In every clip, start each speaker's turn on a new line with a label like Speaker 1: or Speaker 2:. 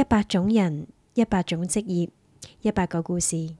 Speaker 1: 一百種人，一百種職業，一百個故事。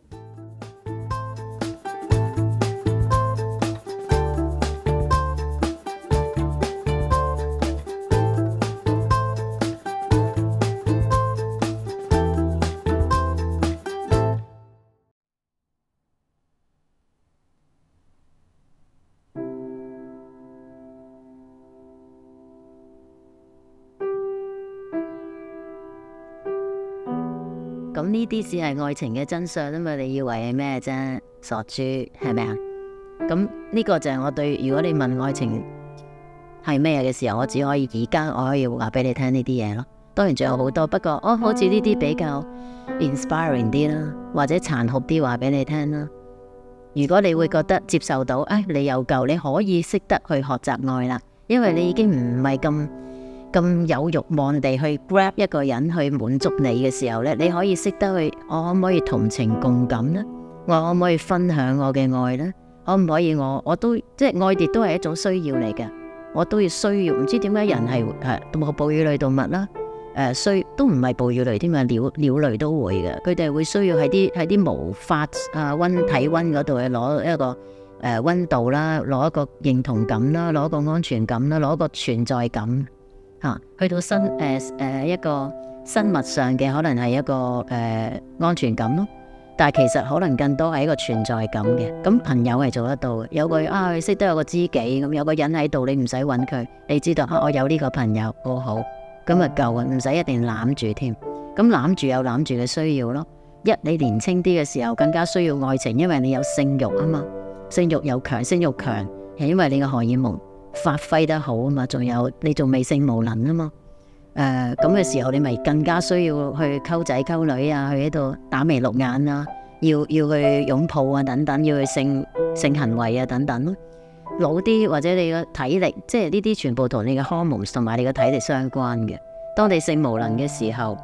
Speaker 2: 啲事係愛情嘅真相啊嘛，你以為係咩啫？傻豬係咪啊？咁呢個就係我對如果你問愛情係咩嘅時候，我只可以而家我可以話俾你聽呢啲嘢咯。當然仲有好多，不過我、哦、好似呢啲比較 inspiring 啲啦，或者殘酷啲話俾你聽啦。如果你會覺得接受到，誒、哎，你有救，你可以識得去學習愛啦，因為你已經唔係咁。咁有欲望地去 grab 一個人去滿足你嘅時候咧，你可以識得去，我可唔可以同情共感呢？我可唔可以分享我嘅愛呢？可唔可以我我都即係愛，亦都係一種需要嚟嘅。我都要需要，唔知點解人係係誒哺乳類動物啦？誒，需都唔係哺乳類添啊！鳥，呃、鳥類，類都會嘅，佢哋會需要喺啲喺啲毛髮啊、温體温嗰度去攞一個誒温、啊、度啦，攞一個認同感啦，攞一個安全感啦，攞一個存在感。吓、啊，去到生誒誒一個生物上嘅可能係一個誒、呃、安全感咯，但係其實可能更多係一個存在感嘅。咁、嗯、朋友係做得到嘅，有個啊，識得有個知己咁、嗯、有個人喺度，你唔使搵佢，你知道啊，我有呢個朋友，好好咁啊夠嘅，唔、嗯、使一定攬住添。咁攬住有攬住嘅需要咯。一你年輕啲嘅時候更加需要愛情，因為你有性欲啊嘛，性欲又強，性欲強係因為你嘅荷爾蒙。發揮得好啊嘛，仲有你仲未性無能啊嘛，誒咁嘅時候你咪更加需要去溝仔溝女啊，去喺度打眉綠眼啊，要要去擁抱啊等等，要去性性行為啊等等咯。老啲或者你嘅體力，即係呢啲全部同你嘅荷爾蒙同埋你嘅體力相關嘅。當你性無能嘅時候，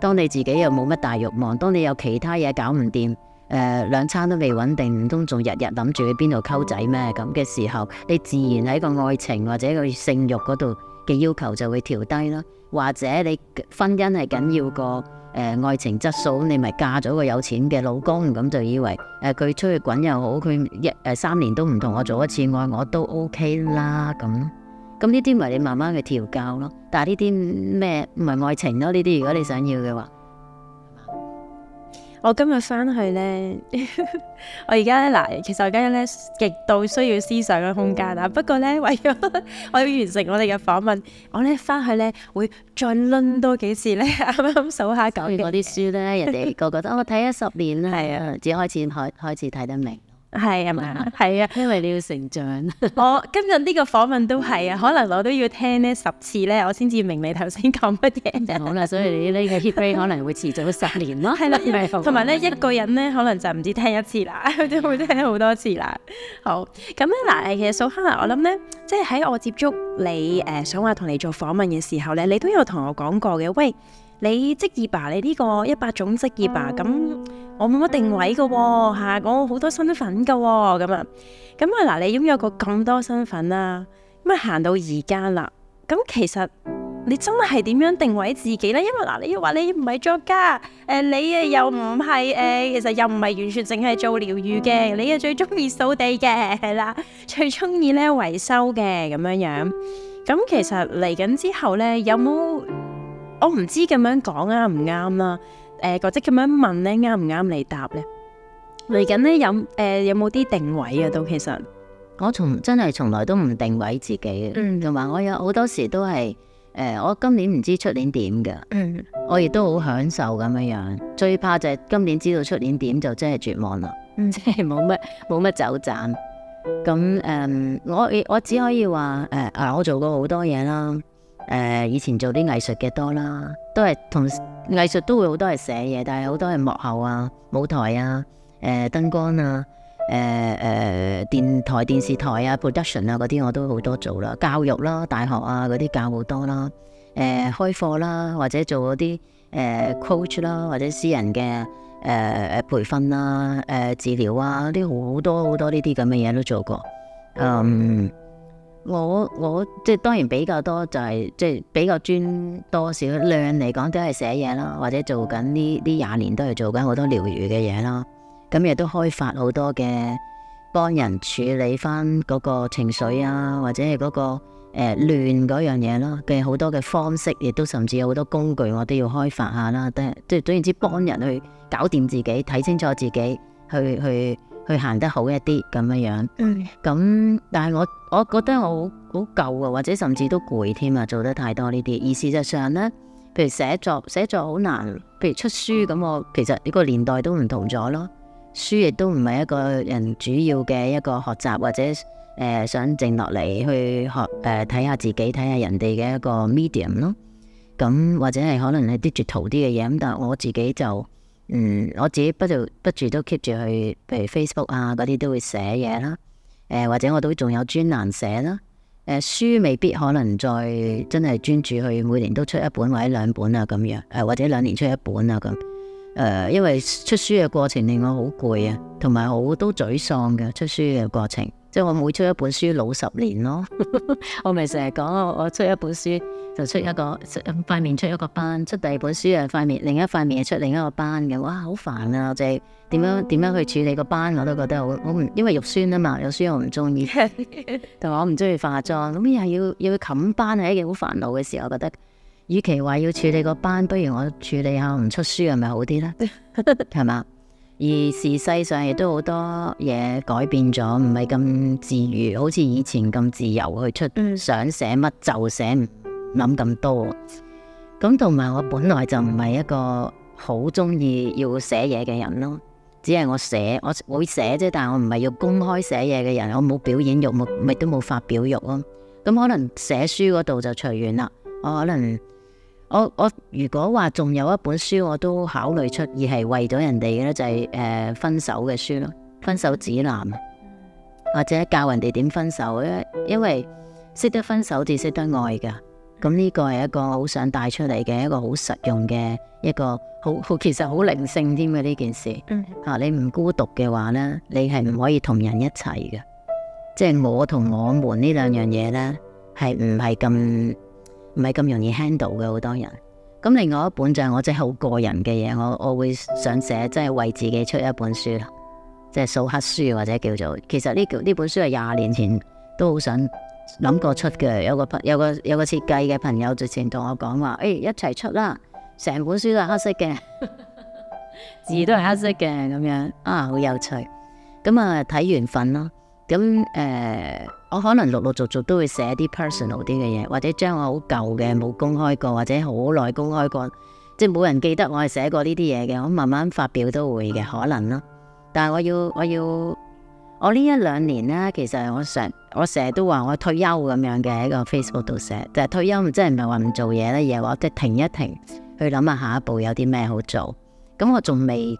Speaker 2: 當你自己又冇乜大慾望，當你有其他嘢搞唔掂。誒、呃，兩餐都未穩定，唔通仲日日諗住去邊度溝仔咩？咁嘅時候，你自然喺個愛情或者個性慾嗰度嘅要求就會調低啦。或者你婚姻係緊要過誒愛情質素，你咪嫁咗個有錢嘅老公，咁就以為誒佢、呃、出去滾又好，佢一誒、呃、三年都唔同我做一次愛我，我都 OK 啦咁。咁呢啲咪你慢慢去調教咯。但係呢啲咩唔係愛情咯？呢啲如果你想要嘅話。
Speaker 1: 我今日翻去咧， 我而家嗱，其實我而家咧極度需要思想嘅空間啊！不過咧，為咗 我要完成我哋嘅訪問，我咧翻去咧會再唸多幾次咧。啱 啱數下講完嗰啲書咧，人哋個個都我睇咗十年啦，係是啊，只開始開開始睇得明。係啊，係啊，因為你要成長。我 今日呢個訪問都係啊， 可能我都要聽呢十次咧，我先至明你頭先講乜嘢。好啦，所以你呢個 hit 可能會持續十年咯。係啦 吧，同埋咧一個人咧，可能就唔止聽一次啦，佢 都會聽好多次啦。好，咁咧嗱，其實素黑，我諗咧，即係喺我接觸你誒想話同你做訪問嘅時候咧，你都有同我講過嘅，喂。你職業吧，你呢個一百種職業啊，咁我冇乜定位噶喎，嚇我好多身份噶喎，咁啊，咁啊嗱，你擁有過咁多身份啊，咁行到而家啦，咁其實你真係點樣定位自己咧？因為嗱，你又話你唔係作家，誒你啊又唔係誒，其實又唔係完全淨係做療癒嘅，你啊最中意掃地嘅係啦，最中意咧維修嘅咁樣樣，咁其實嚟緊之後咧有冇？我唔、哦、知咁樣講啱唔啱啦，誒、呃、或者咁樣問咧啱唔啱你答咧？嚟緊咧有誒、呃、有冇啲定位啊？都其實
Speaker 2: 我從真係從來都唔定位自己，同埋、嗯、我有好多時都係誒、呃、我今年唔知出年點噶，嗯、我亦都好享受咁樣樣。最怕就係今年知道出年點就真係絕望啦、嗯，即係冇乜冇乜走盞。咁誒、呃、我我只可以話誒、呃、我做過好多嘢啦。誒以前做啲藝術嘅多啦，都係同藝術都會好多係寫嘢，但係好多係幕後啊、舞台啊、誒、呃、燈光啊、誒、呃、誒電台、電視台啊、production 啊嗰啲我都好多做啦。教育啦、啊、大學啊嗰啲教好多啦。誒、呃、開課啦、啊，或者做嗰啲誒 coach 啦、啊，或者私人嘅誒誒培訓啦、誒治療啊，啲、呃、好、啊、多好多呢啲咁嘅嘢都做過。嗯。我我即係當然比較多就係即係比較專多少量嚟講都係寫嘢啦，或者做緊呢呢廿年都係做緊好多療癒嘅嘢啦。咁亦都開發好多嘅幫人處理返嗰個情緒啊，或者係嗰個誒亂嗰樣嘢咯嘅好多嘅方式，亦都甚至有好多工具我都要開發下啦。即係即係總言之，幫人去搞掂自己，睇清楚自己，去去。去行得好一啲咁樣樣，咁但係我我覺得我好，好舊啊，或者甚至都攰添啊，做得太多呢啲。而事實上呢，譬如寫作寫作好難，譬如出書咁，我其實呢個年代都唔同咗咯。書亦都唔係一個人主要嘅一個學習或者誒、呃、想靜落嚟去學誒睇下自己睇下人哋嘅一個 medium 咯。咁或者係可能係 digital 啲嘅嘢，咁但係我自己就。嗯，我自己不就不住都 keep 住去，譬如 Facebook 啊嗰啲都會寫嘢啦，誒、呃、或者我都仲有專欄寫啦，誒、呃、書未必可能再真係專注去每年都出一本或者兩本啊咁樣，誒、呃、或者兩年出一本啊咁，誒、呃、因為出書嘅過程令我好攰啊，同埋好多沮喪嘅出書嘅過程。即係我每出一本書老十年咯， 我咪成日講我我出一本書就出一個塊面出一個班，出第二本書啊塊面另一塊面又出另一個班嘅，哇好煩啊！即係點樣點、oh. 樣去處理個班，我都覺得好，我唔因為肉酸啊嘛，肉酸 我唔中意，同埋我唔中意化妝，咁又要要冚班係一件好煩惱嘅事。我覺得與其話要處理個班，不如我處理下唔出書係咪好啲咧？係 嘛？而時勢上亦都好多嘢改變咗，唔係咁自如，好似以前咁自由去出想寫乜就寫，唔諗咁多。咁同埋我本來就唔係一個好中意要寫嘢嘅人咯，只係我寫我會寫啫，但係我唔係要公開寫嘢嘅人，我冇表演欲，咪都冇發表欲咯。咁可能寫書嗰度就隨緣啦。我可能。我我如果話仲有一本書我都考慮出，而係為咗人哋咧就係、是、誒、呃、分手嘅書咯，分手指南啊，或者教人哋點分手咧，因為識得分手至識得愛噶。咁呢個係一個好想帶出嚟嘅一個好實用嘅一個好好，其實好靈性添嘅呢件事。嗯、啊。你唔孤獨嘅話咧，你係唔可以同人一齊嘅，即、就、係、是、我同我哋兩呢兩樣嘢咧係唔係咁。是唔係咁容易 handle 嘅，好多人。咁另外一本就係我真係好個人嘅嘢，我我會想寫，即係為自己出一本書啦，即係素黑書或者叫做。其實呢呢本書係廿年前都好想諗過出嘅，有個朋有個有個設計嘅朋友前，最近同我講話，誒，一齊出啦，成本書都係黑色嘅， 字都係黑色嘅，咁樣啊好有趣。咁啊睇緣分啦，咁誒。呃我可能陸陸續續都會寫啲 personal 啲嘅嘢，或者將我好舊嘅冇公開過，或者好耐公開過，即係冇人記得我係寫過呢啲嘢嘅，我慢慢發表都會嘅可能咯。但係我要我要我呢一兩年呢，其實我成我成日都話我退休咁樣嘅喺個 Facebook 度寫，就係退休真係唔係話唔做嘢呢，而係話即係停一停去諗下下一步有啲咩好做。咁我仲未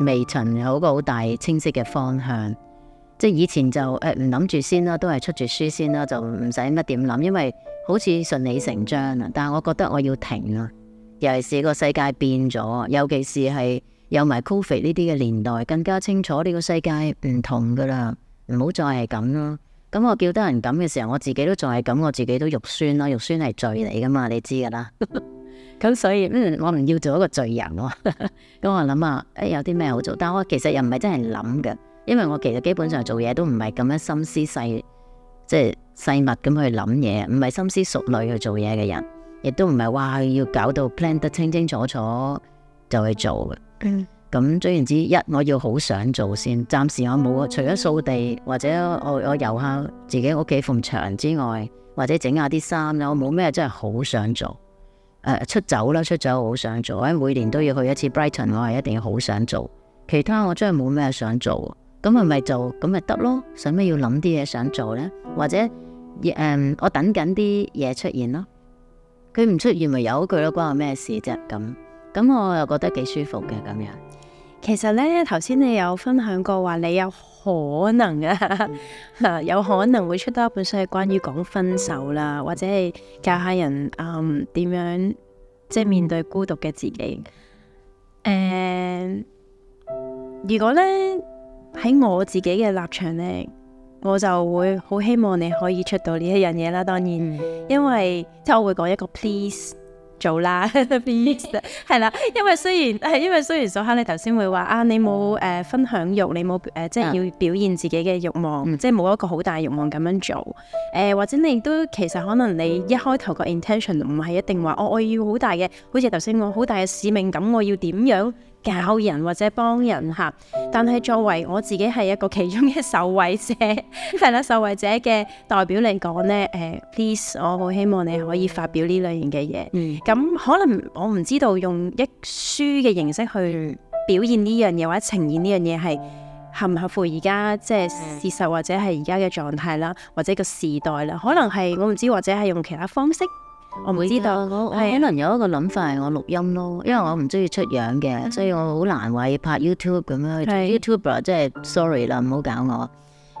Speaker 2: 未曾有個好大清晰嘅方向。即係以前就誒，唔諗住先啦，都係出住書先啦，就唔使乜點諗，因為好似順理成章啦。但係我覺得我要停啦，尤其是個世界變咗，尤其是係有埋 Covid 呢啲嘅年代，更加清楚呢個世界唔同噶啦，唔好再係咁咯。咁我叫得人咁嘅時候，我自己都仲係咁，我自己都肉酸啦，肉酸係罪嚟噶嘛，你知噶啦。咁 所以嗯，我唔要做一個罪人咯。咁 我諗下，誒、欸、有啲咩好做？但係我其實又唔係真係諗嘅。因為我其實基本上做嘢都唔係咁樣心思細，即係細密咁去諗嘢，唔係深思熟慮去做嘢嘅人，亦都唔係話要搞到 plan 得清清楚楚就去做嘅。咁、嗯嗯、總言之一，一我要好想做先，暫時我冇，除咗掃地或者我我油下自己屋企縫牆之外，或者整下啲衫啦，我冇咩真係好想做。誒，出走啦，出走好想做，我因為每年都要去一次 Brighton，我係一定要好想做。其他我真係冇咩想做。咁咪咪做咁咪得咯？使咩要諗啲嘢想做呢？或者，誒，我等緊啲嘢出現咯。佢唔出現咪有佢咯，關我咩事啫？咁，咁我
Speaker 1: 又覺得幾舒服嘅咁樣。其實呢，頭先你有分享過話，你有可能啊， 有可能會出得一本書係關於講分手啦，或者係教下人，嗯、呃，點樣即係面對孤獨嘅自己。誒、呃，如果呢。喺我自己嘅立場咧，我就會好希望你可以出到呢一樣嘢啦。當然，因為即係我會講一個 please 做啦，please 係啦。因為雖然係因為雖然所哈，你頭先會話啊，你冇誒、呃、分享欲，你冇誒、呃、即係要表現自己嘅欲望，嗯、即係冇一個好大欲望咁樣做誒、呃，或者你亦都其實可能你一開頭個 intention 唔係一定話，我我要好大嘅，好似頭先我好大嘅使命感，我要點樣教人或者幫人吓，但係作為我自己係一個其中嘅受惠者，係啦，受惠者嘅代表嚟講咧，誒、呃，please 我好希望你可以發表呢類型嘅嘢。嗯，咁可能我唔知道用一書嘅形式去表現呢樣嘢或者呈現呢樣嘢係合唔合乎而家即係事實或者係而家嘅狀態啦，或者個時代啦，可能係我唔知或者係用其他方式。我唔知道，我可能有一個諗法係我錄音咯，因為我唔
Speaker 2: 中意出樣嘅，嗯、所以我好難話要拍 YouTube 咁樣去是做 YouTuber，即係 sorry 啦，唔好搞我。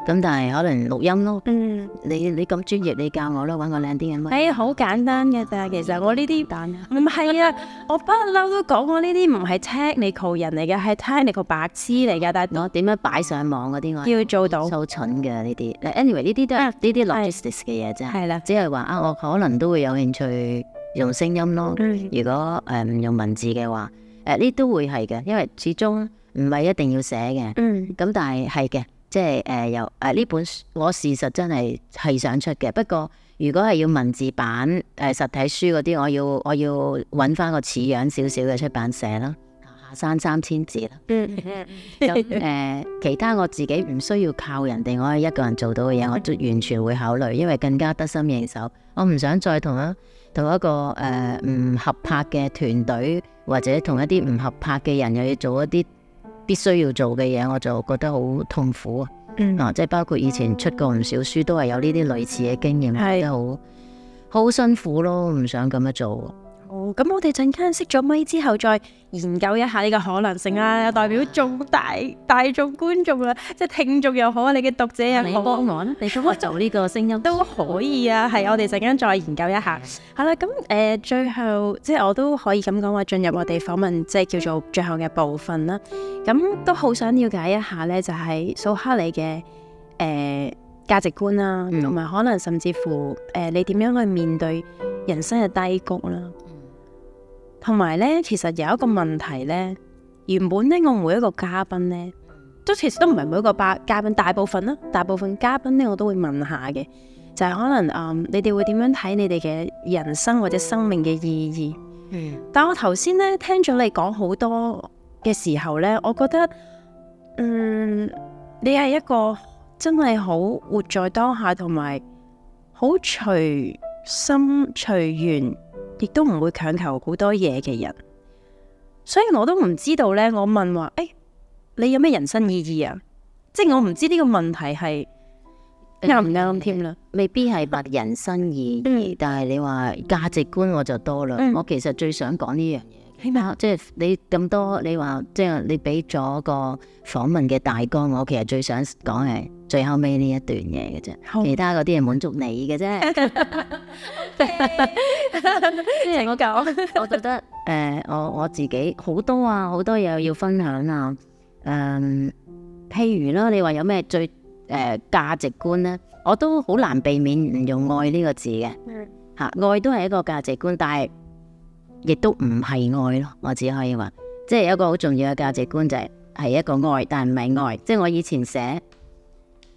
Speaker 2: 咁但係可能錄音咯。嗯，你你咁專業，你教我啦，搵個靚
Speaker 1: 啲嘅。係好簡單嘅，但係其實我呢啲唔係。唔係啊，我不嬲都講我呢啲唔係 technical 人嚟嘅，係 technical 白痴嚟嘅。但係我點樣擺上網嗰啲我要做到。好蠢嘅
Speaker 2: 呢啲。Anyway
Speaker 1: 呢啲都係呢啲 logistics 嘅嘢啫。係啦，只係話啊，
Speaker 2: 我可能都會有興趣用聲音咯。如果誒唔用文字嘅話，誒呢都會係嘅，因為始終唔係一定要寫嘅。嗯，咁但係係嘅。即係誒由誒呢本書，我事實真係係想出嘅。不過如果係要文字版誒、呃、實體書嗰啲，我要我要揾翻個似樣少少嘅出版社啦，下、啊、山三,三千字啦。咁誒、 呃，其他我自己唔需要靠人哋，我係一個人做到嘅嘢，我完全會考慮，因為更加得心應手。我唔想再同一同一個誒唔、呃、合拍嘅團隊，或者同一啲唔合拍嘅人，又要做一啲。必須要做嘅嘢，我就覺得好痛苦啊！啊，即 包括以前出過唔少書，都係有呢啲類似嘅經驗， 覺得好好辛苦咯，唔想咁樣做。
Speaker 1: 哦，咁我哋陣間熄咗咪之後，再研究一下呢個可能性啦。嗯、又代表重大大眾觀眾啊，即係聽眾又好啊，你嘅讀者又好，幫我，你我做乜做呢個聲音 都可以啊。係、嗯、我哋陣間再研究一下。係啦、嗯，咁誒、呃、最後即係我都可以咁講話，進入我哋訪問即係叫做最後嘅部分啦。咁都好想了解一下咧，就係素黑你嘅誒價值觀啦，同埋可能甚至乎誒、呃、你點樣去面對人生嘅低谷啦。同埋咧，其實有一個問題咧，原本咧，我每一個嘉賓咧，都其實都唔係每一個百嘉賓，大部分啦，大部分嘉賓咧，我都會問下嘅，就係、是、可能誒，嗯，你哋會點樣睇你哋嘅人生或者生命嘅意義？嗯，但我頭先咧聽咗你講好多嘅時候咧，我覺得，嗯，你係一個真係好活在當下，同埋好隨心隨緣。亦都唔會強求好多嘢嘅人，所以我都唔知道呢。我問話，誒，你有咩人生意義啊？即係我唔知呢個問題係啱唔啱添啦。未必係問人生意義，
Speaker 2: 但係你話價值觀我就多啦。我其實最想講呢樣嘢。起碼、嗯、即係你咁多，你話即係你俾咗個訪問嘅大綱，我其實最想講係最後尾呢一段嘢嘅啫，好其他嗰啲係滿足你嘅啫。
Speaker 1: 即係我講， 我覺得
Speaker 2: 誒、呃，我我自己好多啊，好多嘢要分享啊。嗯，譬如啦，你話有咩最誒價值觀咧？我都好難避免唔用愛呢個字嘅。嗯。吓，愛都係一個價值觀，但係。亦都唔係愛咯，我只可以話，即係有一個好重要嘅價值觀就係、係、係一個愛，但唔係愛。即係我以前寫，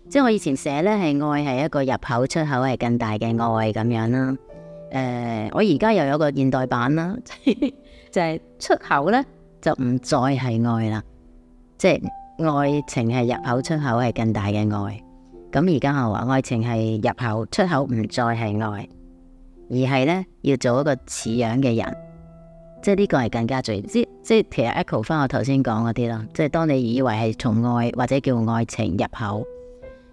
Speaker 2: 即係我以前寫呢，係愛係一個入口，出口係更大嘅愛咁樣啦。誒、呃，我而家又有一個現代版啦， 就係出口呢，就唔再係愛啦，即係愛情係入口，出口係更大嘅愛。咁而家我話愛情係入口，出口唔再係愛，而係呢，要做一個似樣嘅人。即係呢個係更加最重要，即係其實 echo 翻我頭先講嗰啲啦，即係當你以為係從愛或者叫愛情入口，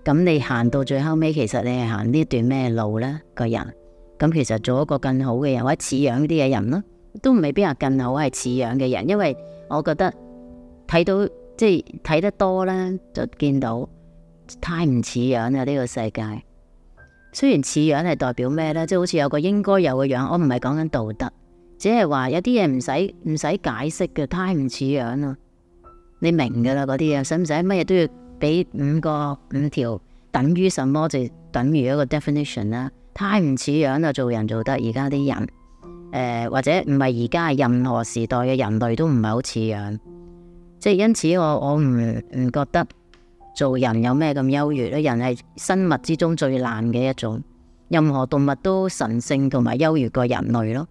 Speaker 2: 咁你行到最後尾，其實你係行呢段咩路呢？個人咁其實做一個更好嘅人或者似樣啲嘅人咯，都唔未必係更好，係似樣嘅人，因為我覺得睇到即係睇得多呢，就見到太唔似樣啦呢個世界。雖然似樣係代表咩呢？即係好似有個應該有嘅樣，我唔係講緊道德。只係話有啲嘢唔使唔使解釋嘅，太唔似樣啦。你明噶啦，嗰啲嘢使唔使乜嘢都要俾五個五條等於什麼就等於一個 definition 啦？太唔似樣啦，做人做得而家啲人誒、呃，或者唔係而家係任何時代嘅人類都唔係好似樣，即係因此我我唔唔覺得做人有咩咁優越咧。人係生物之中最爛嘅一種，任何動物都神聖同埋優越過人類咯。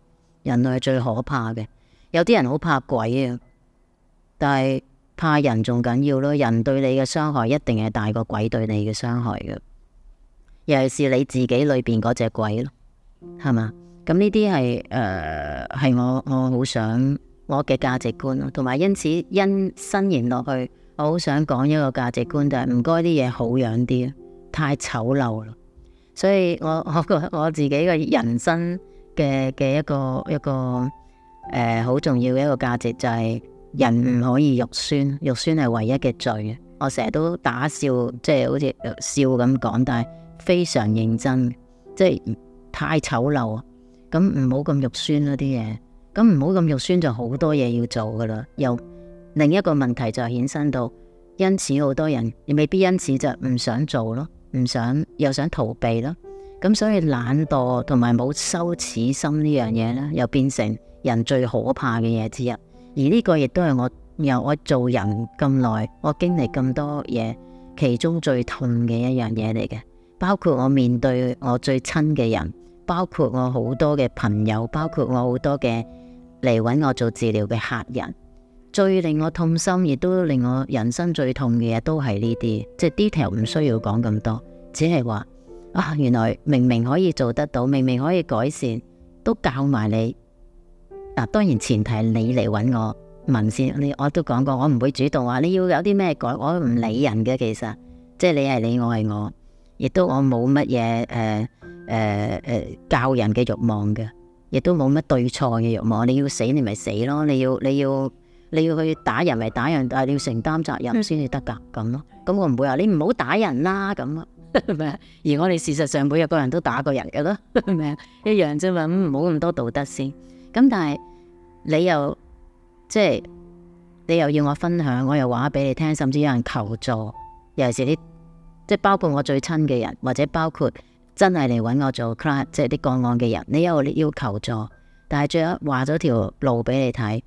Speaker 2: 人類係最可怕嘅，有啲人好怕鬼啊，但係怕人仲緊要咯。人對你嘅傷害一定係大過鬼對你嘅傷害嘅，尤其是你自己裏邊嗰隻鬼咯，係嘛？咁呢啲係誒，係、呃、我我好想我嘅價值觀咯，同埋因此因伸延落去，我好想講一個價值觀，就係唔該啲嘢好樣啲，太醜陋啦。所以我我個我自己嘅人生。嘅嘅一個一個誒，好重要嘅一個價值就係人唔可以肉酸，肉酸係唯一嘅罪。我成日都打笑，即係好似笑咁講，但係非常認真，即係太醜陋啊！咁唔好咁肉酸啦啲嘢，咁唔好咁肉酸就好多嘢要做噶啦。又另一個問題就係衍生到，因此好多人你未必因此就唔想做咯，唔想又想逃避咯。咁所以懶惰同埋冇羞恥心呢樣嘢咧，又變成人最可怕嘅嘢之一。而呢個亦都係我由我做人咁耐，我經歷咁多嘢，其中最痛嘅一樣嘢嚟嘅。包括我面對我最親嘅人，包括我好多嘅朋友，包括我好多嘅嚟搵我做治療嘅客人，最令我痛心，亦都令我人生最痛嘅嘢都係呢啲。即係 detail 唔需要講咁多，只係話。啊，原來明明可以做得到，明明可以改善，都教埋你。嗱，當然前提你嚟揾我問先，先，你我都講過，我唔會主動話你要有啲咩改，我唔理人嘅其實，即係你係你，我係我，亦都我冇乜嘢誒誒誒教人嘅欲望嘅，亦都冇乜對錯嘅欲望。你要死你咪死咯，你要你要你要，你要去打人咪、就是、打人，但係你要承擔責任先至得噶，咁咯、啊，咁、啊啊、我唔會話你唔好打人啦咁啊。 而我哋事實上每一個人都打過人嘅咯，係咪啊？一樣啫嘛，咁唔好咁多道德先。咁但係你又即係、就是、你又要我分享，我又話俾你聽，甚至有人求助，尤其是啲即係包括我最親嘅人，或者包括真係嚟搵我做 client，即係啲個案嘅人，你有要求助，但係最後話咗條路俾你睇，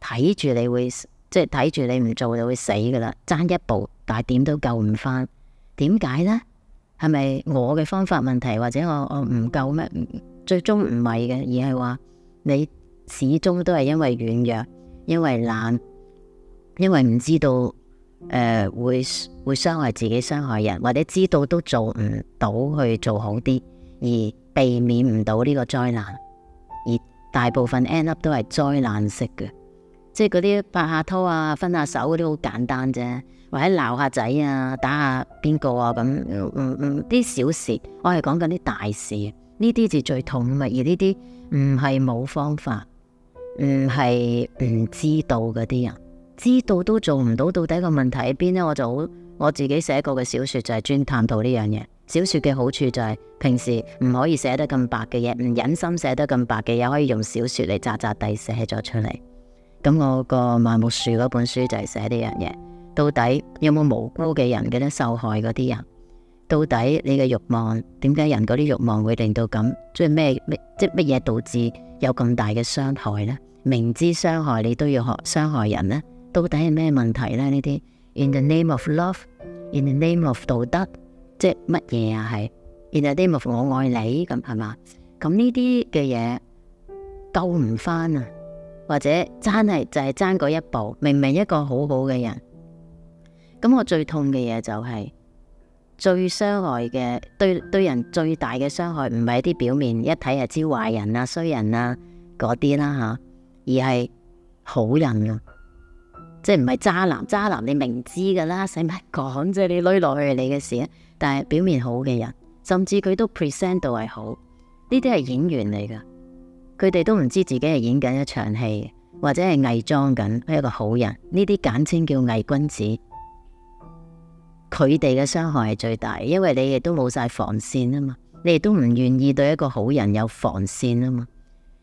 Speaker 2: 睇住你會即係睇住你唔做就會死噶啦，爭一步，但係點都救唔翻。點解呢？係咪我嘅方法問題，或者我我唔夠咩？最終唔係嘅，而係話你始終都係因為軟弱，因為懶，因為唔知道誒、呃、會會傷害自己、傷害人，或者知道都做唔到去做好啲，而避免唔到呢個災難。而大部分 end up 都係災難式嘅，即係嗰啲拍下拖啊、分下手嗰啲好簡單啫。或者鬧下仔啊，打下邊個啊，咁唔唔啲小事，我係講緊啲大事，呢啲字最痛啊嘛！而呢啲唔係冇方法，唔係唔知道嗰啲人，知道都做唔到，到底個問題喺邊咧？我就好，我自己寫過嘅小說就係專探討呢樣嘢。小說嘅好處就係、是、平時唔可以寫得咁白嘅嘢，唔忍心寫得咁白嘅嘢，可以用小說嚟扎扎地寫咗出嚟。咁我個《麻木樹》嗰本書就係寫呢樣嘢。到底有冇無辜嘅人嘅咧？受害嗰啲人，到底你嘅欲望，點解人嗰啲欲望會令到咁、就是？即係咩即係乜嘢導致有咁大嘅傷害呢？明知傷害你都要學傷害人呢？到底係咩問題呢？呢啲 In the name of love，In the name of 道德，即係乜嘢啊？係 In the name of 我愛你咁係嘛？咁呢啲嘅嘢救唔翻啊？或者爭係就係爭嗰一步，明明一個好好嘅人。咁我最痛嘅嘢就係、是、最傷害嘅對對人最大嘅傷害，唔係啲表面一睇就知壞人啊、衰人啊嗰啲啦吓，而係好人啊，即係唔係渣男？渣男你明知噶啦，使乜講啫？你推落去你嘅事啊！但係表面好嘅人，甚至佢都 present 到係好，呢啲係演員嚟噶，佢哋都唔知自己係演緊一場戲，或者係偽裝緊一個好人。呢啲簡稱叫偽君子。佢哋嘅傷害係最大，因為你亦都冇晒防線啊嘛，你亦都唔願意對一個好人有防線啊嘛。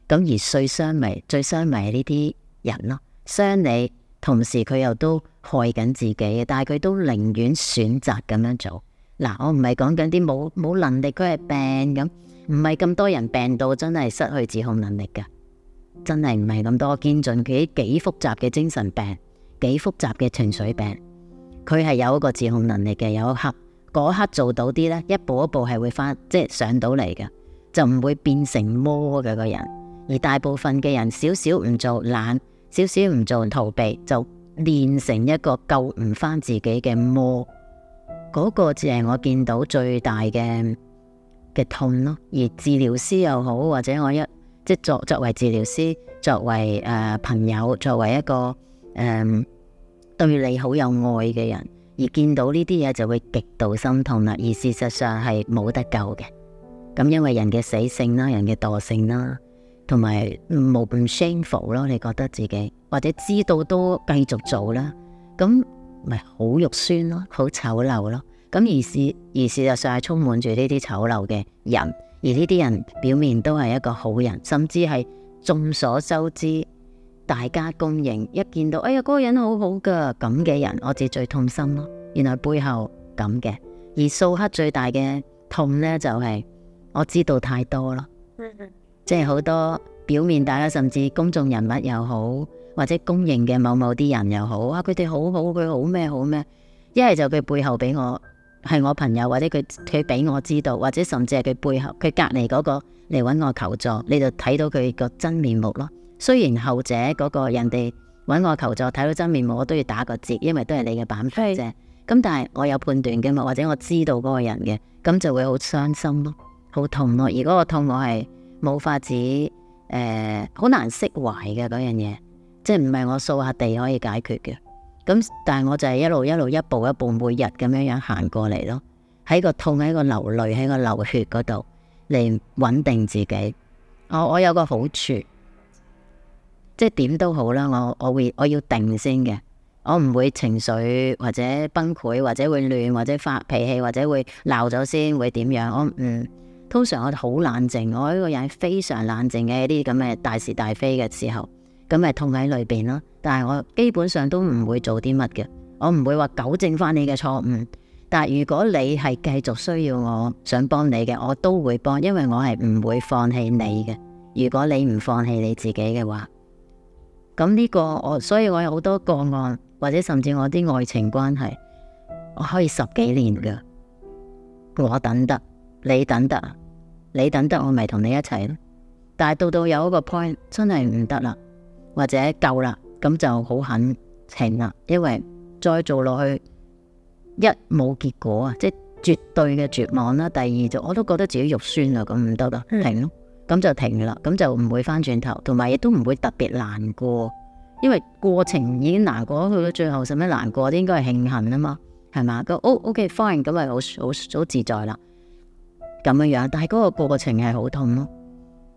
Speaker 2: 咁而最傷咪最傷咪呢啲人咯、啊，傷你，同時佢又都害緊自己，但係佢都寧願選擇咁樣做。嗱，我唔係講緊啲冇冇能力，佢係病咁，唔係咁多人病到真係失去自控能力㗎，真係唔係咁多堅。見盡佢幾複雜嘅精神病，幾複雜嘅情緒病。佢係有一個自控能力嘅，有一刻嗰刻做到啲呢，一步一步係會翻，即係上到嚟嘅，就唔會變成魔嘅個人。而大部分嘅人，少少唔做懶，少少唔做逃避，就練成一個救唔翻自己嘅魔。嗰個就係我見到最大嘅嘅痛咯。而治療師又好，或者我一即作作為治療師，作為誒、呃、朋友，作為一個誒。呃對你好有愛嘅人，而見到呢啲嘢，就會極度心痛啦。而事實上係冇得救嘅。咁因為人嘅死性啦，人嘅惰性啦，同埋無咁 shameful 咯，你覺得自己或者知道都繼續做啦。咁咪好肉酸咯，好醜陋咯。咁而事而事實上係充滿住呢啲醜陋嘅人，而呢啲人表面都係一個好人，甚至係眾所周知。大家公認，一見到哎呀嗰、那個人好好噶，咁嘅人我自最痛心咯。原來背後咁嘅，而素黑最大嘅痛呢，就係、是、我知道太多咯， 即係好多表面大家甚至公眾人物又好，或者公認嘅某某啲人又好啊，佢哋好好佢好咩好咩，一係就佢背後俾，我係我朋友，或者佢佢俾我知道，或者甚至係佢背後佢隔籬嗰、那個嚟揾我求助，你就睇到佢個真面目咯。雖然後者嗰個人哋揾我求助睇到真面目，我都要打個折，因為都係你嘅版權啫。咁是但係我有判斷嘅嘛，或者我知道嗰個人嘅，咁就會好傷心咯，好痛咯。而嗰個痛我係冇法子誒，呃，好難釋懷嘅嗰樣嘢，即係唔係我掃下地可以解決嘅。咁但係我就係一路一路一步一步，每日咁樣樣行過嚟咯，喺個痛喺個流淚喺個流血嗰度嚟穩定自己。哦，我有個好處。即係點都好啦，我我會我要定先嘅，我唔會情緒或者崩潰，或者會亂，或者發脾氣，或者會鬧咗先會點樣。我唔、嗯，通常我好冷靜，我一個人非常冷靜嘅。一啲咁嘅大是大非嘅時候，咁咪痛喺裏邊咯。但係我基本上都唔會做啲乜嘅，我唔會話糾正翻你嘅錯誤。但係如果你係繼續需要我想幫你嘅，我都會幫，因為我係唔會放棄你嘅。如果你唔放棄你自己嘅話。咁呢個我，所以我有好多個案，或者甚至我啲愛情關係，我可以十幾年噶，我等得，你等得，你等得，我咪同你一齊咯。但係到到有一個 point，真係唔得啦，或者夠啦，咁就好狠情啦，因為再做落去一冇結果啊，即係絕對嘅絕望啦。第二就我都覺得自己肉酸啦，咁唔得啦，停咯。嗯咁就停啦，咁就唔會翻轉頭，同埋亦都唔會特別難過，因為過程已經難過，去到最後使咩難過，應該係慶幸啊嘛，係嘛？咁 O OK fine，咁咪好好好自在啦，咁樣樣。但係嗰個過程係好痛咯，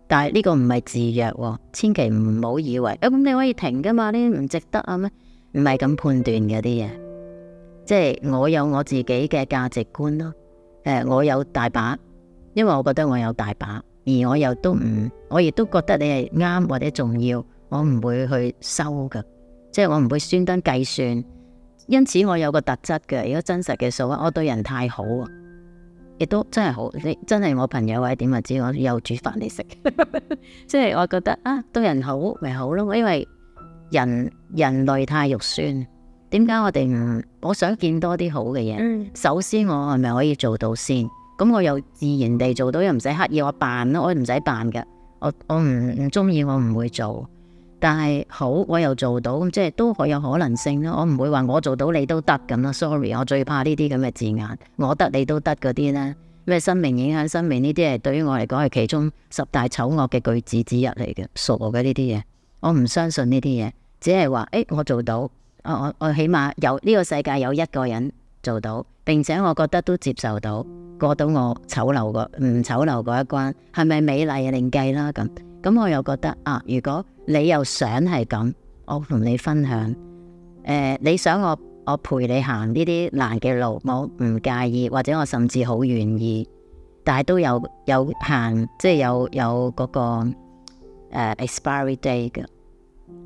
Speaker 2: 但係呢個唔係自虐，千祈唔好以為誒咁、ah, 你可以停噶嘛？呢唔值得啊？咩唔係咁判斷嘅啲嘢，即係我有我自己嘅價值觀咯。誒、呃，我有大把，因為我覺得我有大把。而我又都唔，我亦都覺得你係啱或者重要，我唔會去收嘅，即係我唔會專登計算。因此我有個特質嘅，如果真實嘅數，我對人太好啊，亦都真係好。你真係我朋友或者點啊？知我又煮飯你食， 即係我覺得啊，對人好咪好咯。因為人人類太肉酸，點解我哋唔我想見多啲好嘅嘢？嗯，首先我係咪可以做到先？咁我又自然地做到，又唔使刻意我扮咯，我唔使扮嘅。我我唔唔中意，我唔會做。但係好我又做到，咁即係都好有可能性咯。我唔會話我做到你都得咁咯。Sorry，我最怕呢啲咁嘅字眼，我得你都得嗰啲咧，咩生命影響生命呢啲係對於我嚟講係其中十大醜惡嘅句子之一嚟嘅，傻嘅呢啲嘢。我唔相信呢啲嘢，只係話誒我做到，我我我起碼有呢個世界有一個人。做到，並且我覺得都接受到過到我醜陋個唔醜陋嗰一關，係咪美麗另計啦咁。咁我又覺得啊，如果你又想係咁，我同你分享誒、呃，你想我我陪你行呢啲難嘅路，我唔介意，或者我甚至好願意，但係都有有行即係有有嗰、那個誒、呃、expiry day 嘅，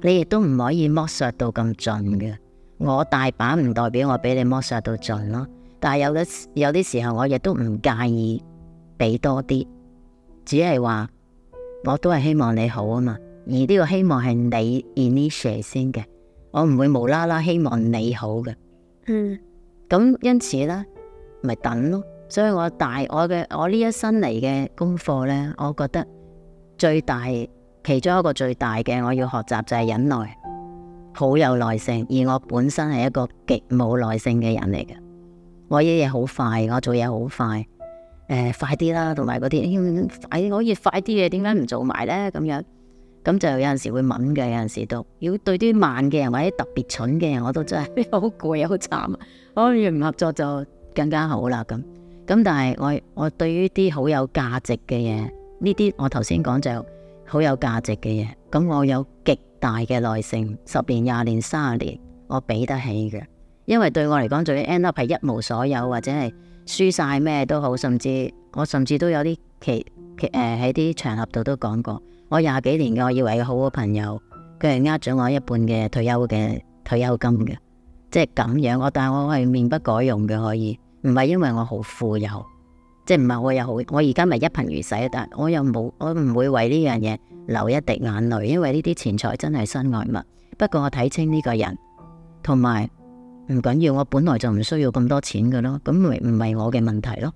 Speaker 2: 你亦都唔可以剝削到咁盡嘅。我大把唔代表我俾你剝削到盡咯，但係有啲有啲時候我亦都唔介意俾多啲，只係話我都係希望你好啊嘛。而呢個希望係你 initiate 先嘅，我唔會無啦啦希望你好嘅。
Speaker 1: 嗯，
Speaker 2: 咁因此呢，咪等咯。所以我大我嘅、我呢一生嚟嘅功課呢，我覺得最大其中一個最大嘅我要學習就係忍耐。好有耐性，而我本身係一個極冇耐性嘅人嚟嘅。我嘢好快，我做嘢好快，誒、呃、快啲啦，同埋嗰啲快可以快啲嘅，點解唔做埋呢？咁樣咁就有陣時會悶嘅，有陣時都要對啲慢嘅人或者特別蠢嘅人，我都真係好攰，好慘。我越唔合作就更加好啦，咁咁但係我我對於啲好有價值嘅嘢，呢啲我頭先講就。好有價值嘅嘢，咁我有極大嘅耐性，十年、廿年、三十年，我俾得起嘅。因為對我嚟講，最 end up 係一無所有，或者係輸晒咩都好，甚至我甚至都有啲其其誒喺啲場合度都講過，我廿幾年嘅我以為嘅好嘅朋友，佢係呃咗我一半嘅退休嘅退休金嘅，即係咁樣。我但係我係面不改容嘅，可以，唔係因為我好富有。即係唔係我又好，我而家咪一貧如洗，但係我又冇，我唔會為呢樣嘢流一滴眼淚，因為呢啲錢財真係身外物。不過我睇清呢個人，同埋唔緊要，我本來就唔需要咁多錢噶咯，咁咪唔係我嘅問題咯。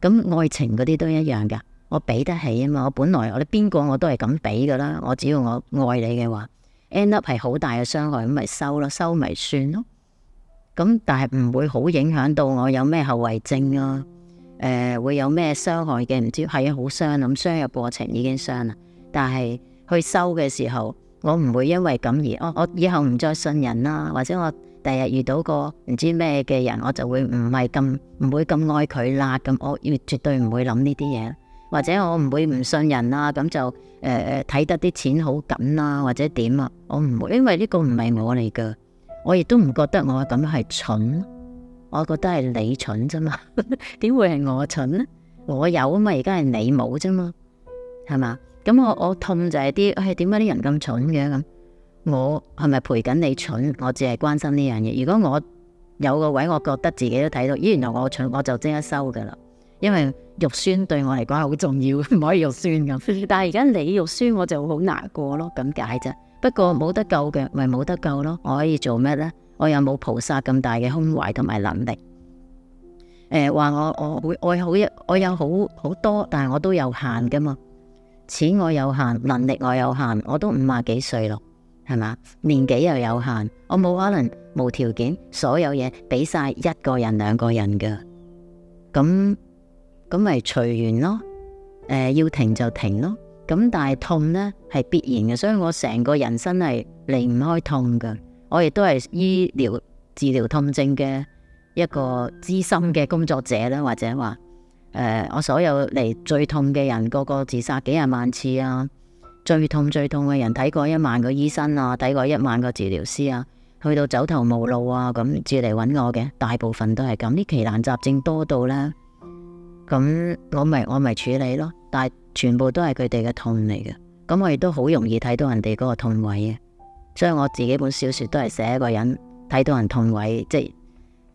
Speaker 2: 咁、嗯、愛情嗰啲都一樣噶，我俾得起啊嘛，我本來我哋邊個我都係咁俾噶啦，我只要我愛你嘅話，end up 係好大嘅傷害，咁咪收咯，收咪算咯。咁、嗯、但係唔會好影響到我有咩後遺症啊？誒、呃，會有咩傷害嘅？唔知係啊，好傷，咁傷嘅過程已經傷啦。但係去收嘅時候，我唔會因為咁而，我、哦、我以後唔再信人啦，或者我第日遇到個唔知咩嘅人，我就會唔係咁唔會咁愛佢啦。咁我要絕對唔會諗呢啲嘢，或者我唔會唔信人啦。咁就誒誒睇得啲錢好緊啦，或者點啊？我唔會，因為呢個唔係我嚟嘅，我亦都唔覺得我咁樣係蠢。我覺得係你蠢啫嘛，點會係我蠢咧？我有啊嘛，你而家係你冇啫嘛，係嘛？咁我我痛就係啲，哎，點解啲人咁蠢嘅咁？我係咪陪緊你蠢？我只係關心呢樣嘢。如果我有個位，我覺得自己都睇到，咦，原來我蠢，我就即刻收噶啦。因為肉酸對我嚟講係好重要，唔可以肉酸咁。 但係而家你肉酸，我就好難過咯，咁解啫。不過冇得救嘅，咪冇得救咯。我可以做咩咧？我又冇菩薩咁大嘅胸懷同埋能力，誒、呃、話我我會我好一我有好好多，但係我都有限噶嘛，錢我有限，能力我有限，我都五廿幾歲咯，係嘛，年紀又有限，我冇可能無條件所有嘢俾晒一個人兩個人嘅，咁咁咪隨緣咯，誒、呃、要停就停咯，咁但係痛呢係必然嘅，所以我成個人生係離唔開痛嘅。我亦都係醫療治療痛症嘅一個資深嘅工作者啦，或者話誒、呃，我所有嚟最痛嘅人個個自殺幾廿萬次啊，最痛最痛嘅人睇過一萬個醫生啊，睇過一萬個治療師啊，去到走投無路啊，咁至嚟揾我嘅，大部分都係咁，啲奇難雜症多到呢，咁我咪我咪處理咯，但係全部都係佢哋嘅痛嚟嘅，咁我亦都好容易睇到人哋嗰個痛位啊。所以我自己本小說都係寫一個人睇到人痛位，即係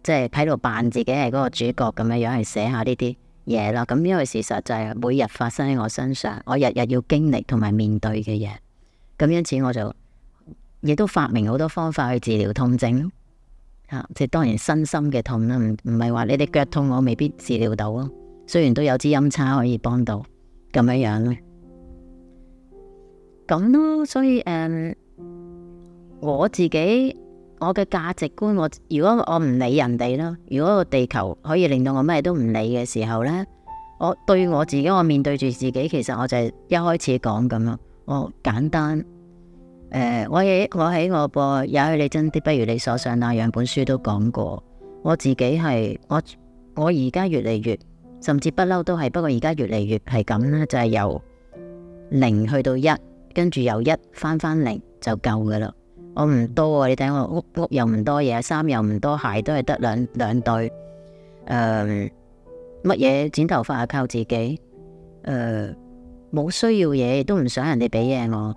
Speaker 2: 即係喺度扮自己係嗰個主角咁樣樣去寫下呢啲嘢咯。咁因為事實就係每日發生喺我身上，我日日要經歷同埋面對嘅嘢，咁因此我就亦都發明好多方法去治療痛症。啊，即係當然身心嘅痛啦，唔唔係話你啲腳痛我未必治療到咯。雖然都有支音叉可以幫到，咁樣樣。咁咯，所以誒。Um, 我自己我嘅價值觀，我如果我唔理人哋咯，如果個地球可以令到我咩都唔理嘅時候呢，我對我自己，我面對住自己，其實我就係一開始講咁咯。我簡單、呃、我喺我喺我播也許你真啲，不如你所想那樣，兩本書都講過我自己係我我而家越嚟越甚至不嬲都係，不過而家越嚟越係咁啦，就係、是、由零去到一，跟住由一翻翻零就夠噶啦。我唔多、啊，你睇我屋屋又唔多嘢，衫又唔多，鞋都係得兩兩對。誒，乜嘢剪頭髮、啊、靠自己。誒，冇需要嘢，都唔想人哋俾嘢我。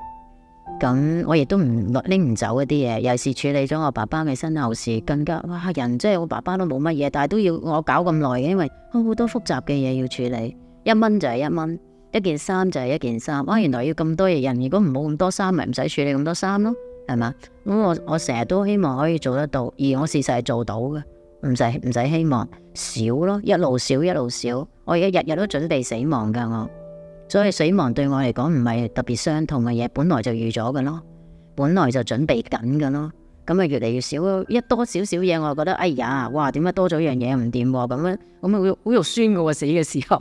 Speaker 2: 咁我亦都唔拎唔走一啲嘢。又是處理咗我爸爸嘅身後事，更加哇！人即係我爸爸都冇乜嘢，但係都要我搞咁耐嘅，因為好多複雜嘅嘢要處理。一蚊就係一蚊，一件衫就係一件衫。哇！原來要咁多嘢，人如果唔冇咁多衫，咪唔使處理咁多衫咯。係嘛？咁我我成日都希望可以做得到，而我事實係做到嘅，唔使唔使希望少咯，一路少一路少，少，我而家日日都準備死亡噶我，所以死亡對我嚟講唔係特別傷痛嘅嘢，本來就預咗嘅咯，本來就準備緊嘅咯，咁啊越嚟越少咯，一多少少嘢我就覺得哎呀，哇點解多咗樣嘢唔掂咁啊？咁啊好好肉酸嘅喎，死嘅時候，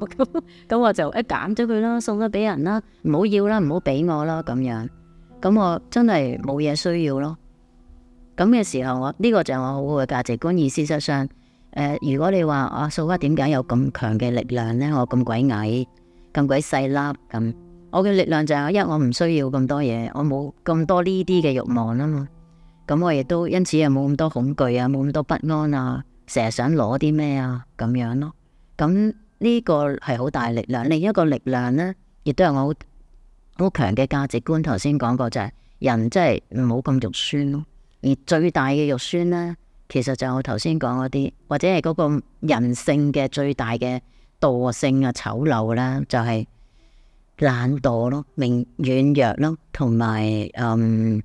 Speaker 2: 咁 我就一減咗佢啦，送咗俾人啦，唔好要啦，唔好俾我啦咁樣。咁我真係冇嘢需要咯。咁嘅時候，我呢、這個就係我好嘅價值觀。而事實上，誒、呃，如果你話素黑點解有咁強嘅力量咧，我咁鬼矮、咁鬼細粒，咁、嗯、我嘅力量就係、是、一我唔需要咁多嘢，我冇咁多呢啲嘅慾望啊嘛。咁、嗯、我亦都因此又冇咁多恐懼啊，冇咁多不安啊，成日想攞啲咩啊咁樣咯。咁、嗯、呢、這個係好大力量。另一個力量咧，亦都係我好。好強嘅價值觀，頭先講過就係人，真係唔好咁肉酸咯。而最大嘅肉酸咧，其實就係我頭先講嗰啲，或者係嗰個人性嘅最大嘅惰性啊、醜陋啦，就係、是、懶惰咯、明軟弱咯，同埋嗯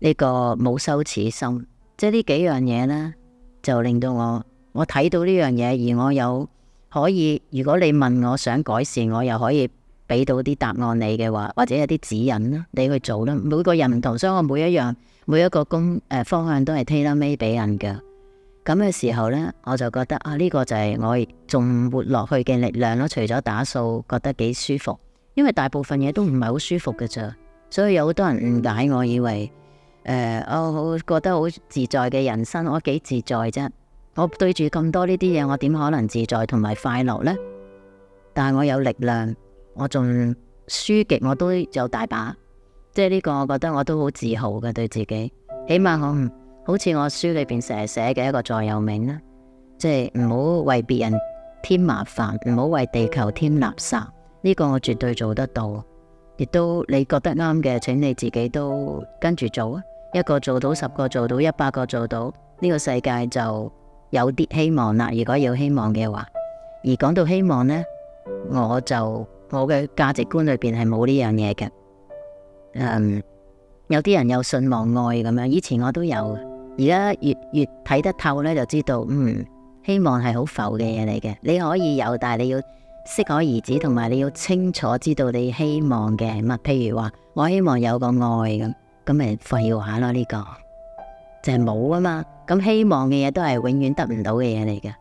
Speaker 2: 呢、這個冇羞恥心，即係呢幾樣嘢咧，就令到我我睇到呢樣嘢，而我有可以，如果你問我想改善，我又可以。俾到啲答案你嘅話，或者有啲指引啦，你去做啦。每個人唔同，所以我每一樣每一個工誒、呃、方向都係 tailormade 俾人嘅。咁嘅時候呢，我就覺得啊，呢、這個就係我仲活落去嘅力量咯。除咗打掃，覺得幾舒服，因為大部分嘢都唔係好舒服嘅啫。所以有好多人誤解我，以為誒、呃哦，我覺得好自在嘅人生，我幾自在啫。我對住咁多呢啲嘢，我點可能自在同埋快樂呢？但係我有力量。我仲書籍，我都有大把，即係呢個，我覺得我都好自豪嘅，對自己起碼我唔好似我書裏邊成日寫嘅一個座右銘啦，即係唔好為別人添麻煩，唔好為地球添垃圾呢個，我絕對做得到，亦都你覺得啱嘅，請你自己都跟住做啊，一個做到十個做到一百個做到呢個世界就有啲希望啦。如果有希望嘅話，而講到希望呢，我就我嘅價值觀裏邊係冇呢樣嘢嘅，誒，有啲、um, 人有信望愛咁樣，以前我都有，而家越越睇得透呢，就知道，嗯，希望係好浮嘅嘢嚟嘅，你可以有，但係你要適可而止，同埋你要清楚知道你希望嘅乜、嗯，譬如話我希望有個愛咁，咁咪廢話咯呢個，就係冇啊嘛，咁、嗯、希望嘅嘢都係永遠得唔到嘅嘢嚟嘅。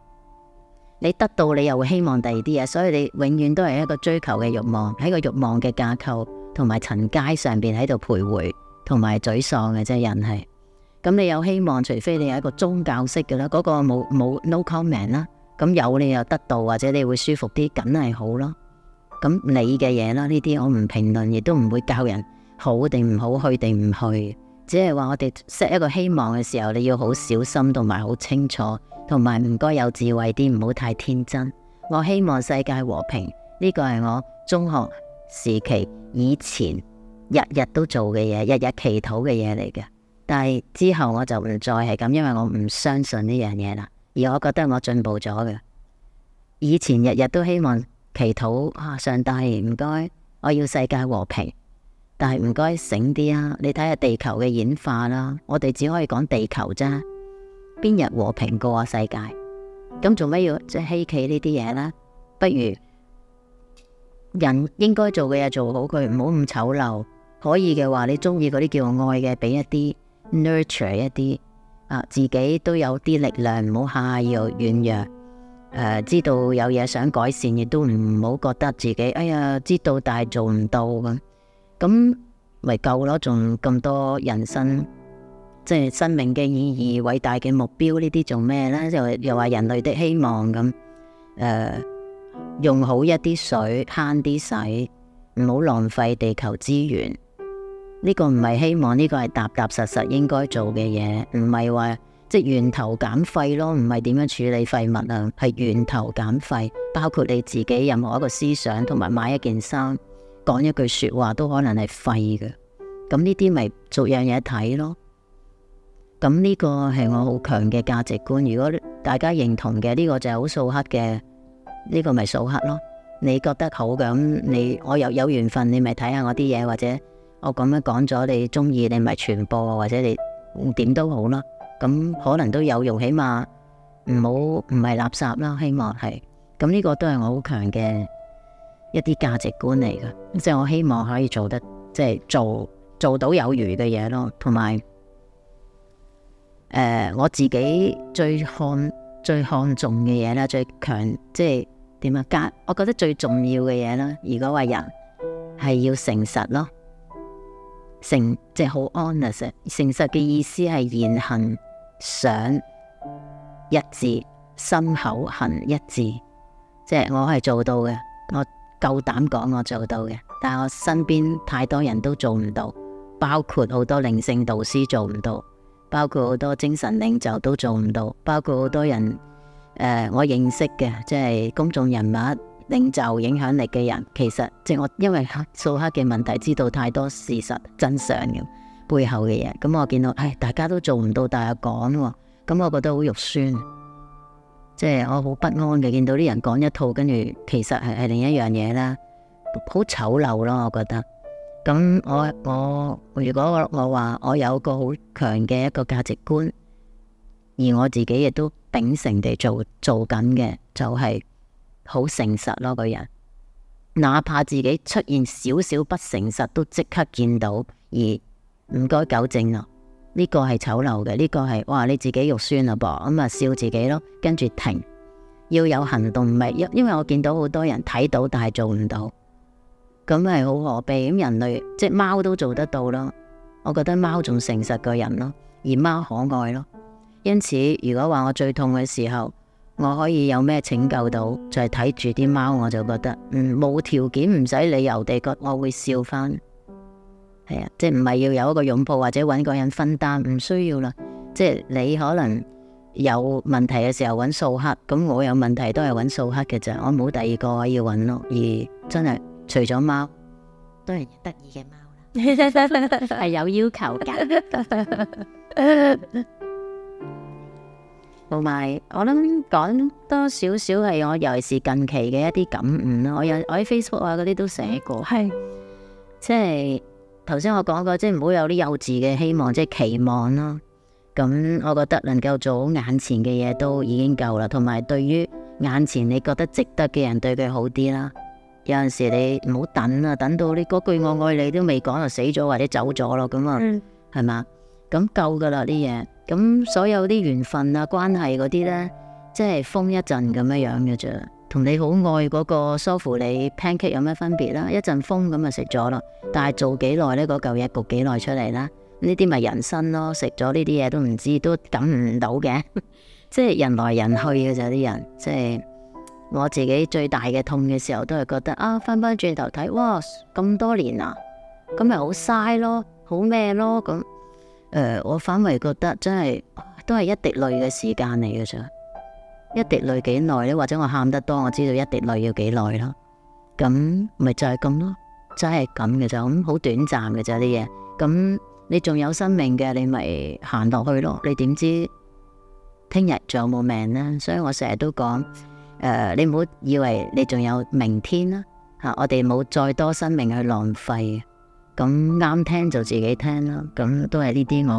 Speaker 2: 你得到你又會希望第二啲嘢，所以你永遠都係一個追求嘅慾望，喺個慾望嘅架構同埋層階上邊喺度徘徊同埋沮喪嘅啫，人係。咁你有希望，除非你係一個宗教式嘅啦，嗰個冇冇 no comment 啦。咁有你又得到或者你會舒服啲，梗係好咯。咁你嘅嘢啦，呢啲我唔評論，亦都唔會教人好定唔好去定唔去，只係話我哋 set 一個希望嘅時候，你要好小心同埋好清楚。同埋唔該有智慧啲，唔好太天真。我希望世界和平，呢個係我中學時期以前日日都做嘅嘢，日日祈禱嘅嘢嚟嘅。但係之後我就唔再係咁，因為我唔相信呢樣嘢啦。而我覺得我進步咗嘅，以前日日都希望祈禱，啊上帝唔該，我要世界和平，但係唔該醒啲啊！你睇下地球嘅演化啦，我哋只可以講地球啫。邊日和平過啊世界？咁做咩要即係稀奇呢啲嘢咧？不如人應該做嘅嘢做好佢，唔好咁醜陋。可以嘅話，你中意嗰啲叫愛嘅，俾一啲 nurture 一啲啊，自己都有啲力量，唔好下下軟弱。誒、啊，知道有嘢想改善，亦都唔好覺得自己哎呀，知道但係做唔到咁，咁咪夠咯？仲咁多人生。即係生命嘅意義、偉大嘅目標呢啲做咩呢？就又又話人類的希望咁誒、呃，用好一啲水，慳啲使，唔好浪費地球資源。呢個唔係希望，呢個係踏踏實實應該做嘅嘢。唔係話即係源頭減廢咯，唔係點樣處理廢物啊？係源頭減廢，包括你自己任何一個思想，同埋買一件衫，講一句說話都可能係廢嘅。咁呢啲咪做樣嘢睇咯。咁呢個係我好強嘅價值觀，如果大家認同嘅呢、呢個就係好素黑嘅，呢、呢個咪素黑咯。你覺得好嘅，咁你我又有，有緣分，你咪睇下我啲嘢，或者我咁樣講咗，你中意你咪傳播，或者你點、嗯、都好啦。咁可能都有用，起碼唔好唔係垃圾啦。希望係咁，呢個都係我好強嘅一啲價值觀嚟嘅。即係我希望可以做得即係、即係、做做到有餘嘅嘢咯，同埋。誒、uh, 我自己最看最看重嘅嘢啦，最強即係點啊？加我覺得最重要嘅嘢啦，如果話人係要誠實咯，誠即係好 honest。誠實嘅意思係言行想一致，心口行一致。即係我係做到嘅，我夠膽講我做到嘅。但係我身邊太多人都做唔到，包括好多靈性導師做唔到。包括好多精神領袖都做唔到，包括好多人，誒、呃，我認識嘅，即係公眾人物領袖影響力嘅人，其實即係我因為黑素黑嘅問題知道太多事實真相嘅背後嘅嘢，咁、嗯、我見到，唉，大家都做唔到，但係講喎，咁、嗯、我覺得好肉酸，即係我好不安嘅，見到啲人講一套，跟住其實係係另一樣嘢啦，好醜陋咯，啊，我覺得。咁我我如果我話我有個好強嘅一個價值觀，而我自己亦都秉承地做做緊嘅，就係好誠實咯，個人哪怕自己出現少少不誠實，都即刻見到而唔該糾正咯。呢個係醜陋嘅，呢個係哇你自己肉酸啦噃，咁啊笑自己咯，跟住停，要有行動，唔係因因為我見到好多人睇到但係做唔到。咁係好可悲。咁，人類即係貓都做得到咯。我覺得貓仲誠實過人咯，而貓可愛咯。因此，如果話我最痛嘅時候，我可以有咩拯救到，就係睇住啲貓，我就覺得，嗯，冇條件，唔使理由地，覺我會笑翻。係啊，即係唔係要有一個擁抱或者搵個人分擔，唔需要啦。即係你可能有問題嘅時候搵素黑，咁我有問題都係搵素黑嘅啫，我冇第二個要搵咯。而真係。除咗貓，都係得意嘅貓啦，係 有要求噶。同埋， 我諗講多少少係我，尤其是近期嘅一啲感悟啦、嗯。我有我喺 Facebook 啊嗰啲都寫過，係是即係頭先我講過，即係唔好有啲幼稚嘅希望，即、就、係、是、期望咯。咁我覺得能夠做好眼前嘅嘢都已經夠啦。同埋，對於眼前你覺得值得嘅人對，對佢好啲啦。有陣時你唔好等啊，等到你嗰句我愛你都未講就死咗或者走咗咯，咁啊，係嘛？咁夠噶啦啲嘢，咁所有啲緣分啊關係嗰啲咧，即係封一陣咁樣樣嘅啫，同你好愛嗰個梳乎厘 pancake 有咩分別啦？一陣風咁就食咗咯，但係做幾耐呢？嗰嚿嘢焗幾耐出嚟啦？呢啲咪人生咯，食咗呢啲嘢都唔知都等唔到嘅， 即係人來人去嘅就啲人，即係。我自己最大嘅痛嘅時候，都係覺得啊，翻返轉頭睇，哇，咁多年啊，咁咪好嘥咯，好咩咯咁？誒、呃，我反為覺得真係都係一滴淚嘅時間嚟嘅啫，一滴淚幾耐咧？或者我喊得多，我知道一滴淚要幾耐啦。咁咪就係咁咯，真係咁嘅就咁，好短暫嘅啫啲嘢。咁你仲有生命嘅，你咪行落去咯。你點知聽日仲有冇命呢？所以我成日都講。誒，uh, 你唔好以為你仲有明天啦吓、啊，我哋冇再多生命去浪費嘅。咁啱聽就自己聽啦。咁都係呢啲我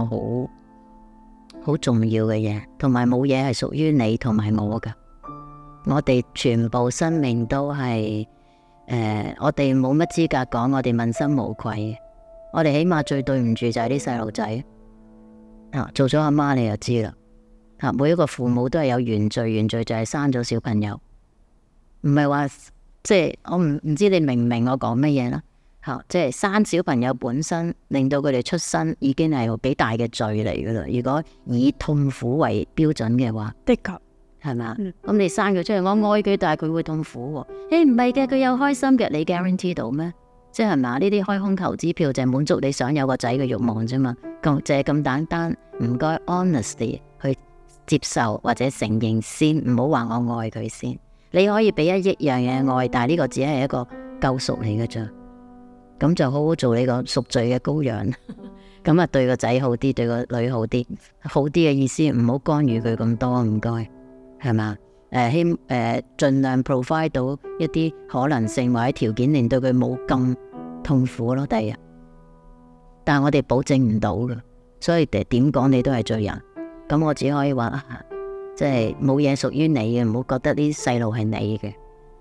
Speaker 2: 好好重要嘅嘢，同埋冇嘢係屬於你同埋我噶。我哋全部生命都係誒、啊，我哋冇乜資格講我哋問心無愧嘅。我哋起碼最對唔住就係啲細路仔啊，做咗阿媽你就知啦。每一個父母都係有原罪，原罪就係生咗小朋友，唔係話即係我唔唔知你明唔明我講乜嘢啦？嚇，即係生小朋友本身令到佢哋出生已經係幾大嘅罪嚟噶啦！如果以痛苦為標準嘅話，的確係嘛？咁吧、嗯、你生佢出嚟，我愛佢，但係佢會痛苦喎、哦。誒唔係嘅，佢有開心嘅，你 guarantee 到咩？即係係嘛？呢啲開空頭支票就係、是、滿足你想有個仔嘅欲望啫嘛，咁就係咁簡單，單，單，唔該 honestly 去。接受或者承認先，唔好話我愛佢先。你可以俾一億樣嘢愛，但係呢個只係一個救贖嚟嘅啫。咁就好好做你個贖罪嘅羔羊。咁 啊，對個仔好啲，對個女好啲，好啲嘅意思，唔好干預佢咁多，唔該，係嘛？誒希誒，盡量 provide 到一啲可能性或者條件，令到佢冇咁痛苦咯。第日，但係我哋保證唔到噶，所以誒點講你都係罪人。咁我只可以話，啊，即係冇嘢屬於你嘅，唔好覺得啲細路係你嘅，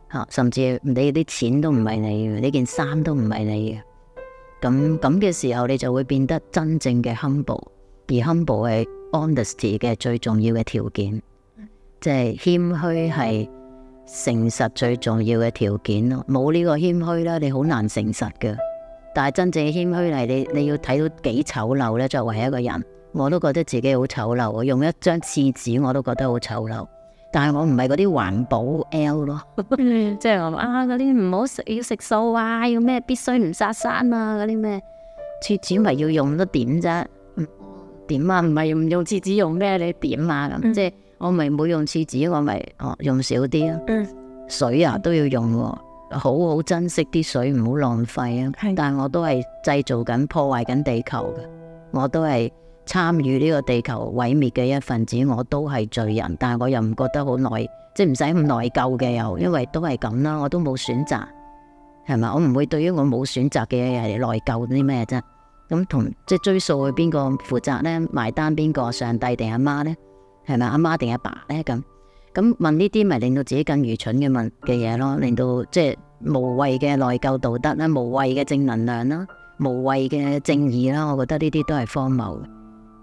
Speaker 2: 啊，甚至你啲錢都唔係你嘅，呢件衫都唔係你嘅。咁咁嘅時候，你就會變得真正嘅 humble，而 humble 係 honesty 嘅最重要嘅條件，即係謙虛係誠實最重要嘅條件咯。冇呢個謙虛啦，你好難誠實嘅。但係真正嘅謙虛係你你要睇到幾醜陋咧，作為一個人。我都覺得自己好醜陋，用一張廁紙我都覺得好醜陋。但係我唔係嗰啲環保 L 咯， 即係我啊嗰啲唔好食要食素啊，要咩必須唔殺生啊，嗰啲咩廁紙咪要用得點啫？點啊？唔係唔用廁紙用咩？你點啊？咁即係我咪冇用廁紙，我咪用少啲咯。水啊都要用，好好珍惜啲水，唔好浪費啊。的但係我都係製造緊破壞緊地球嘅，我都係。參與呢個地球毀滅嘅一份子，我都係罪人，但係我又唔覺得好內，即係唔使咁內疚嘅又，因為都係咁啦，我都冇選擇，係咪？我唔會對於我冇選擇嘅嘢嚟內疚啲咩啫。咁同即係追溯去邊個負責呢？埋單邊個？上帝定阿媽呢？係咪阿媽定阿爸，爸呢？咁咁問呢啲，咪令到自己更愚蠢嘅問嘅嘢咯，令到即係無謂嘅內疚道德啦，無謂嘅正能量啦，無謂嘅正義啦。我覺得呢啲都係荒謬。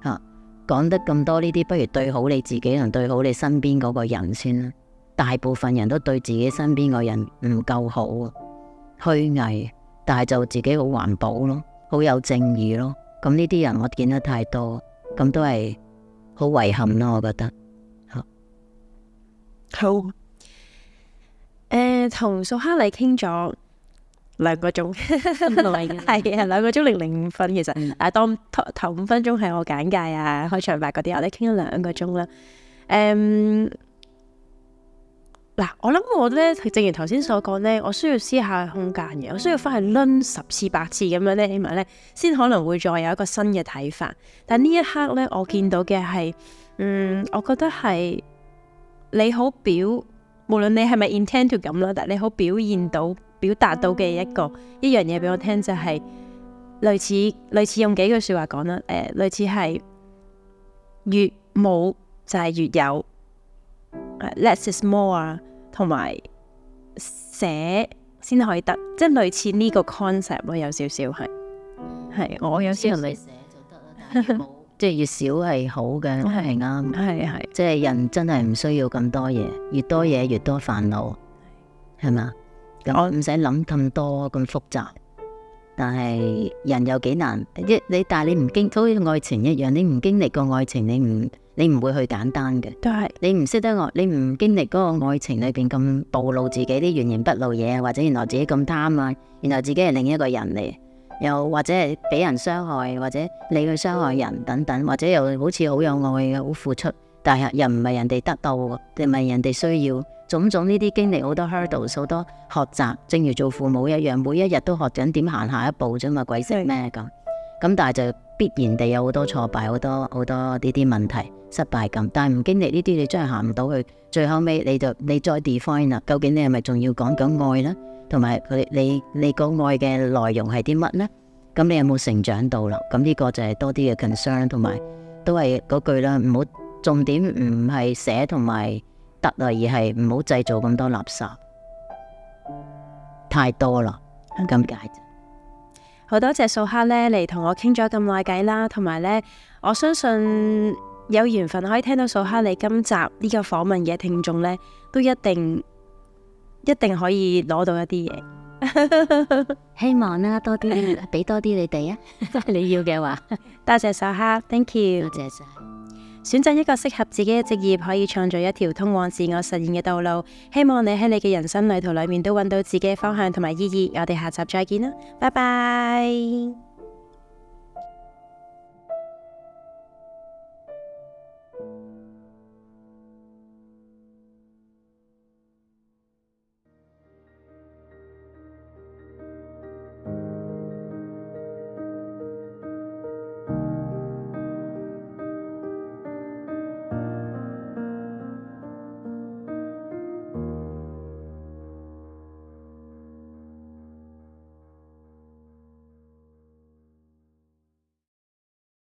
Speaker 2: 啊，講得咁多呢啲，不如對好你自己同對好你身邊嗰個人先啦。大部分人都對自己身邊嘅人唔夠好，虛偽，但係就自己好環保咯，好有正義咯。咁呢啲人我見得太多，咁都係
Speaker 1: 好遺憾咯，我覺得。
Speaker 2: 好，
Speaker 1: 誒、呃，同素黑傾咗。兩個鐘，係啊、 嗯，兩 個鐘零零五分其實，但係、嗯、當頭，頭五分鐘係我簡介啊、開場白嗰啲，我哋傾咗兩個鐘、嗯、啦。誒，嗱，我諗我咧，正如頭先所講咧，我需要私下空間嘅，我需要翻去唸十次、百次咁樣咧，起碼咧，先可能會再有一個新嘅睇法。但呢一刻咧，我見到嘅係，嗯，我覺得係你好表，無論你係咪 intend to 咁啦，但你好表現到。.表達到嘅一個一樣嘢俾我聽，就係、是、類似類似用幾句説話講啦。誒、呃，類似係越冇就係越有，less is more 啊，同埋寫先可以得，即係類似呢個 concept 咯，有少少係。係我有少少嚟寫就得啦，即係越
Speaker 2: 少係好嘅，都係啱。係啊係，即係人真係唔需要咁多嘢，越多嘢越，越多煩惱，係嘛？我唔使諗咁多咁複雜，但係人又幾難一你，你，但係你唔經，好似愛情一樣，你唔經歷過愛情，你唔你唔會去簡單嘅。都係對你唔識得愛，你唔經歷嗰個愛情裏邊咁暴露自己啲原形畢露嘢，或者原來自己咁貪啊，原來自己係另一個人嚟，又或者係俾人傷害，或者你去傷害人等等，或者又好似好有愛嘅，好付出，但係又唔係人哋得到嘅，唔係人哋需要。種種呢啲經歷好多 hurdle，好多學習，正如做父母一樣，每一日都學緊點行下一步啫嘛，鬼識咩咁？咁但係就必然地有好多挫敗，好多好多呢啲問題、失敗感。但係唔經歷呢啲，你真係行唔到去。最後尾你就你再 define 啦，究竟你係咪仲要講緊愛咧？同埋你你講愛嘅內容係啲乜咧？咁你有冇成長到啦？咁呢個就係多啲嘅 concern，同埋都係嗰句啦，唔好重點唔係寫同埋。得啊，而係唔好製造咁多垃圾，太多啦，咁解、嗯、
Speaker 1: 好多謝素黑呢，嚟同我傾咗咁耐計啦，同埋呢，我相信有緣分可以聽到素黑你今集呢個訪問嘅聽眾呢，都一定一定可以攞到一啲嘢。 希望啦、啊，多啲俾多啲你哋啊， 你要嘅話。 多謝素黑，thank you。多謝選擇一個適合自己嘅職業，可以創造一條通往自我實現嘅道路。希望你喺你嘅人生旅途裏面都揾到自己嘅方向同埋意義。我哋下集再見啦，拜拜。